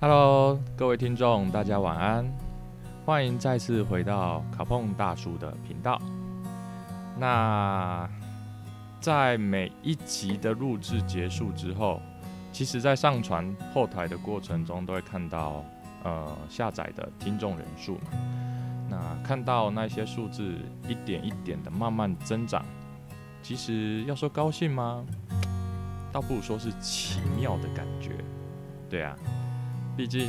Hello，各位聽眾，大家晚安！歡迎再次回到卡碰大叔的頻道。那在每一集的錄製結束之後，其實在上傳後台的過程中，都會看到呃下載的聽眾人數。那看到那些數字一點一點的慢慢增長，其實要說高興嗎？倒不如說是奇妙的感覺。對啊。畢竟，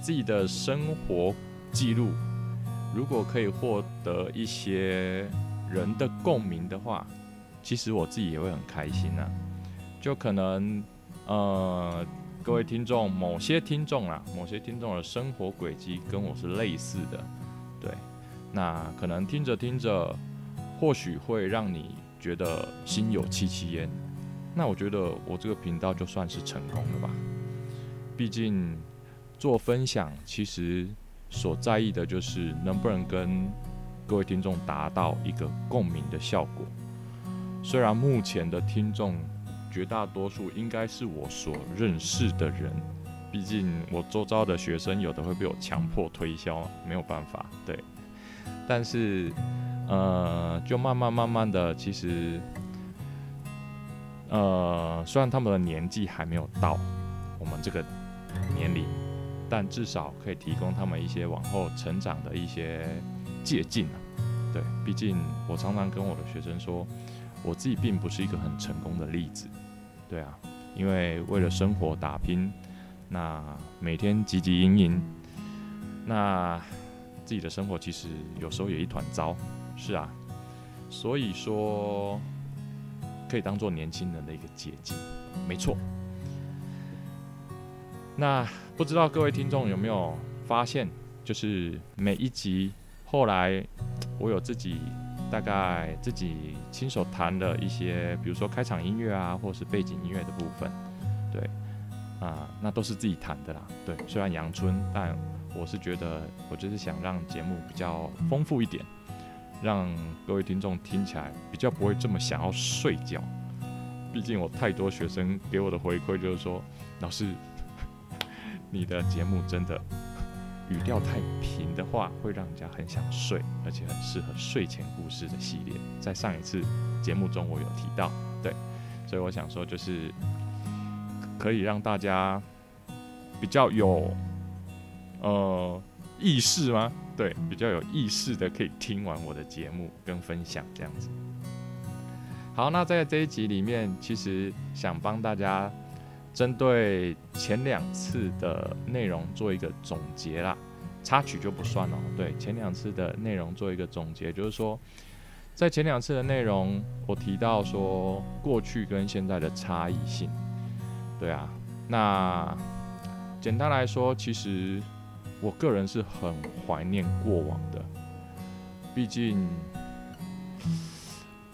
自己的生活記錄，如果可以獲得一些人的共鳴的話，其實我自己也會很開心啊。就可能，呃，各位聽眾，某些聽眾啦，某些聽眾的生活軌跡跟我是類似的，對。那可能聽着聽着，或許會讓你覺得心有戚戚焉。那我覺得我這個頻道就算是成功了吧。畢竟做分享，其實所在意的就是能不能跟各位聽眾達到一個共鳴的效果。雖然目前的聽眾絕大多數應該是我所認識的人，畢竟我周遭的學生有的會被我強迫推銷，沒有辦法。對，但是呃，就慢慢慢慢的，其實呃，雖然他們的年紀還沒有到我們這個年齡，但至少可以提供他們一些往後成長的一些借鑑啊。對，畢竟我常常跟我的學生說，我自己並不是一個很成功的例子。對啊，因為為了生活打拼，那每天汲汲營營，那自己的生活其實有時候也一團糟。是啊，所以說可以當做年輕人的一個捷徑，沒錯。那不知道各位聽眾有沒有發現，就是每一集後來，我有自己大概自己親手彈的一些，比如說開場音樂啊，或者是背景音樂的部分，對啊、呃，那都是自己彈的啦。對，雖然陽春，但我是覺得，我就是想讓節目比較豐富一點，讓各位聽眾聽起來比較不會這麼想要睡覺。畢竟我太多學生給我的回饋就是說，老師。你的節目真的語調太平的話，會讓人家很想睡，而且很適合睡前故事的系列。在上一次節目中，我有提到，對，所以我想說，就是可以讓大家比較有呃意識嗎？對，比較有意識的，可以聽完我的節目跟分享這樣子。好，那在這一集裡面，其實想幫大家。針對前兩次的內容做一個總結啦，插曲就不算了、哦。對，前兩次的內容做一個總結，就是說，在前兩次的內容，我提到說過去跟現在的差異性。對啊，那簡單來說，其實我個人是很懷念過往的，畢竟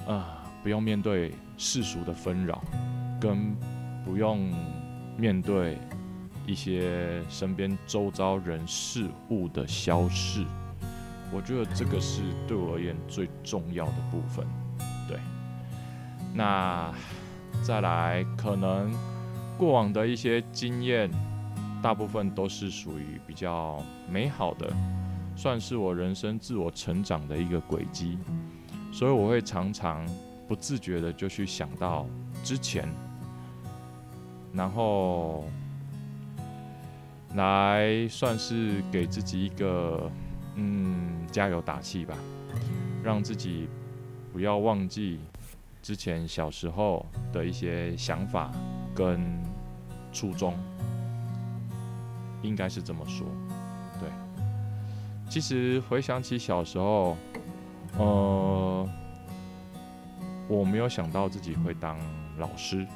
啊、呃，不用面對世俗的紛擾跟。不用面對一些身邊周遭人事物的消逝，我覺得這個是對我而言最重要的部分，對。那再來，可能過往的一些經驗，大部分都是屬於比較美好的，算是我人生自我成長的一個軌跡，所以我會常常不自覺的就去想到之前。然後，來算是給自己一個嗯加油打氣吧，讓自己不要忘記之前小時候的一些想法跟初衷，應該是這麼說，對。其實回想起小時候，呃，我沒有想到自己會當老師。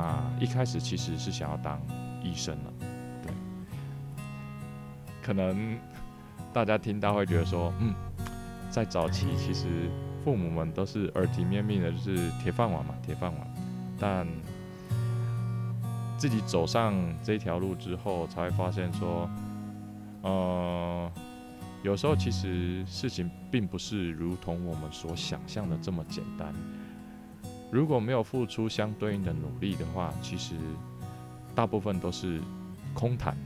那一開始其實是想要當醫生了，對。可能大家聽到會覺得說，嗯，在早期其實父母們都是耳提面命的，就是鐵飯碗嘛，鐵飯碗。但自己走上這條路之後，才會發現說，呃，有時候其實事情並不是如同我們所想象的這麼簡單。如果沒有付出相對應的努力的話，其實大部分都是空談，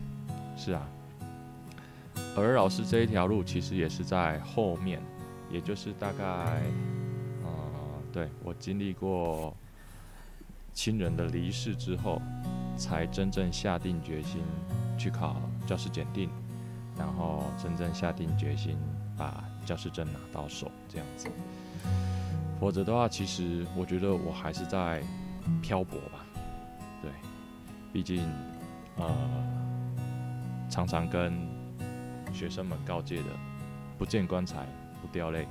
是啊。而老師這一條路，其實也是在後面，也就是大概，呃，對，我經歷過親人的離世之後，才真正下定決心去考教師檢定，然後真正下定決心把教師證拿到手，這樣子。否則的話，其實我覺得我還是在漂泊吧，對，畢竟，呃，常常跟學生們告誡的“不見棺材不掉淚”，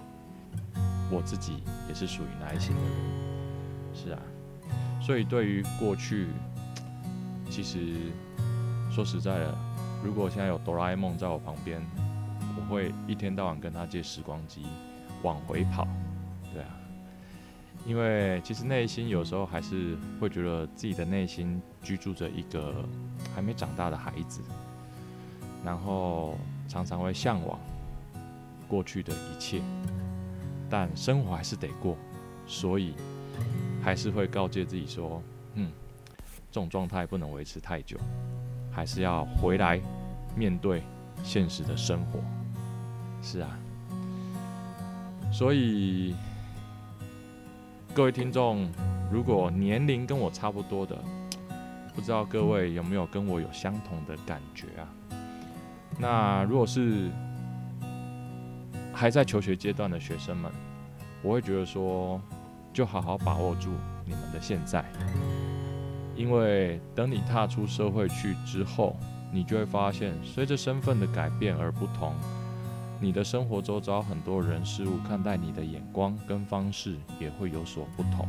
我自己也是屬於那一型的人，是啊，所以對於過去，其實說實在的，如果現在有哆啦 A 夢在我旁邊，我會一天到晚跟他借時光機往回跑，對啊。因為其實內心有時候還是會覺得自己的內心居住着一個還沒長大的孩子，然後常常會向往過去的一切，但生活還是得過，所以還是會告誡自己說：“嗯，這種狀態不能維持太久，還是要回來面對現實的生活。”是啊，所以。各位聽眾，如果年齡跟我差不多的，不知道各位有沒有跟我有相同的感覺啊？那如果是還在求學階段的學生們，我會覺得說，就好好把握住你們的現在，因為等你踏出社會去之後，你就會發現，隨着身份的改變而不同。你的生活周遭很多人事物看待你的眼光跟方式也會有所不同。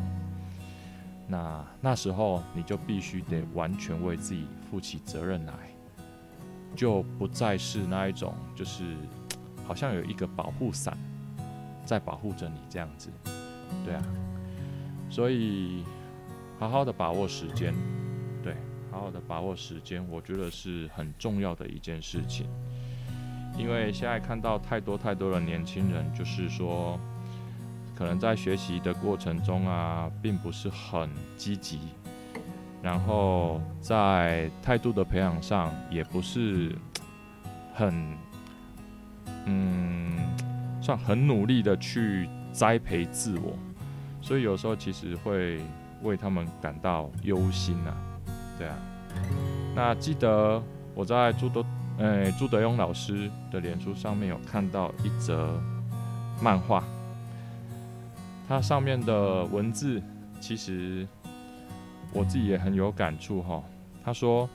那那時候你就必須得完全為自己負起責任來，就不再是那一種，就是好像有一個保護傘在保護着你這樣子，對啊。所以，好好的把握時間，對，好好的把握時間，我覺得是很重要的一件事情。因為現在看到太多太多的年輕人，就是說，可能在學習的過程中啊，並不是很積極，然後在態度的培養上也不是很，嗯，算很努力的去栽培自我，所以有時候其實會為他們感到憂心啊。對啊，那記得我在諸多。誒，朱德庸老師的臉書上面有看到一則漫畫，它上面的文字其實我自己也很有感觸哈、哦。他說：“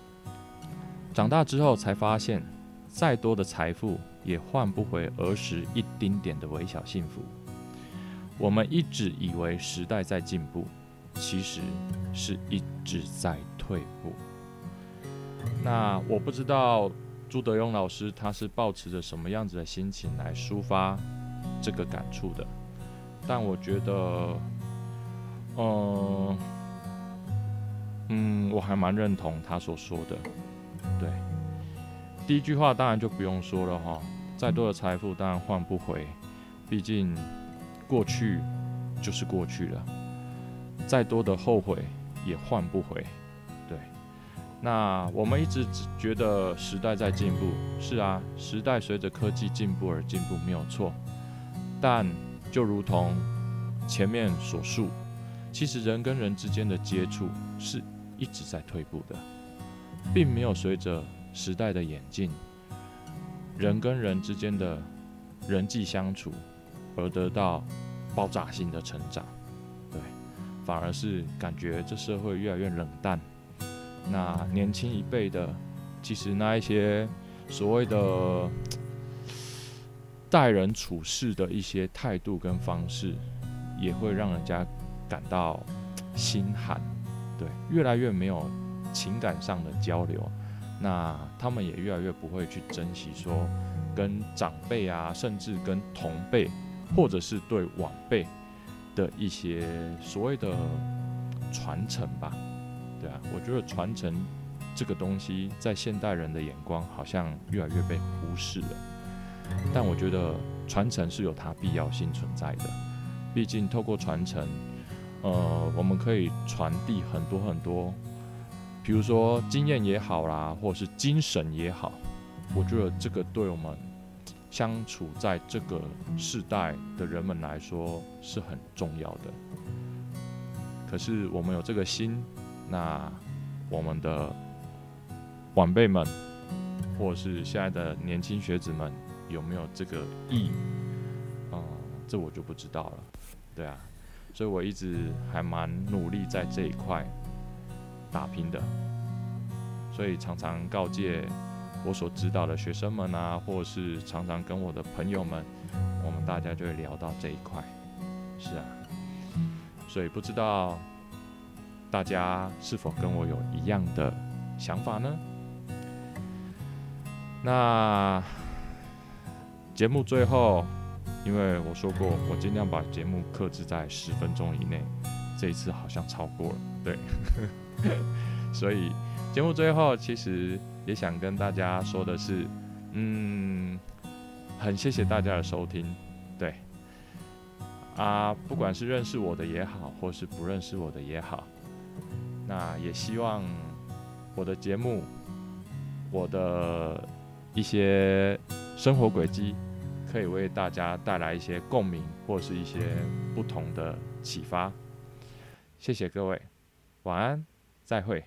長大之後才發現，再多的財富也換不回兒時一丁點的微小幸福。我們一直以為時代在進步，其實是一直在退步。”那我不知道。朱德庸老師，他是抱持着什麼樣子的心情來抒發這個感觸的？但我覺得，嗯、呃，嗯，我還蠻認同他所說的。對，第一句話當然就不用說了哈，再多的財富當然換不回，畢竟過去就是過去了，再多的後悔也換不回。那我們一直只覺得時代在進步，是啊，時代隨着科技進步而進步沒有錯。但就如同前面所述，其實人跟人之間的接觸是一直在退步的，並沒有隨着時代的演進，人跟人之間的人際相處而得到爆炸性的成長。對，反而是感覺這社會越來越冷淡。那年輕一輩的，其實那一些所謂的待人處事的一些態度跟方式，也會讓人家感到心寒，對，越來越沒有情感上的交流。那他們也越來越不會去珍惜說跟長輩啊，甚至跟同輩，或者是對晚輩的一些所謂的傳承吧。啊，我覺得傳承這個東西，在現代人的眼光，好像越來越被忽視了。但我覺得傳承是有它必要性存在的。畢竟，透過傳承，呃，我們可以傳遞很多很多，比如說經驗也好啦，或者是精神也好。我覺得這個對我們相處在這個世代的人們來說是很重要的。可是，我們有這個心。那我們的晚輩們，或是現在的年輕學子們，有沒有這個意義？嗯，這我就不知道了。對啊，所以我一直還蠻努力在這一塊打拼的。所以常常告誡我所指導的學生們啊，或是常常跟我的朋友們，我們大家就會聊到這一塊。是啊，所以不知道。大家是否跟我有一樣的想法呢？那節目最後，因為我說過，我盡量把節目克制在十分鐘以內，這一次好像超過了，對。 所以節目最後，其實也想跟大家說的是，嗯，很謝謝大家的收聽，對。啊，不管是認識我的也好，或是不認識我的也好。那也希望我的節目，我的一些生活軌跡，可以為大家帶來一些共鳴或是一些不同的啟發。謝謝各位，晚安，再會。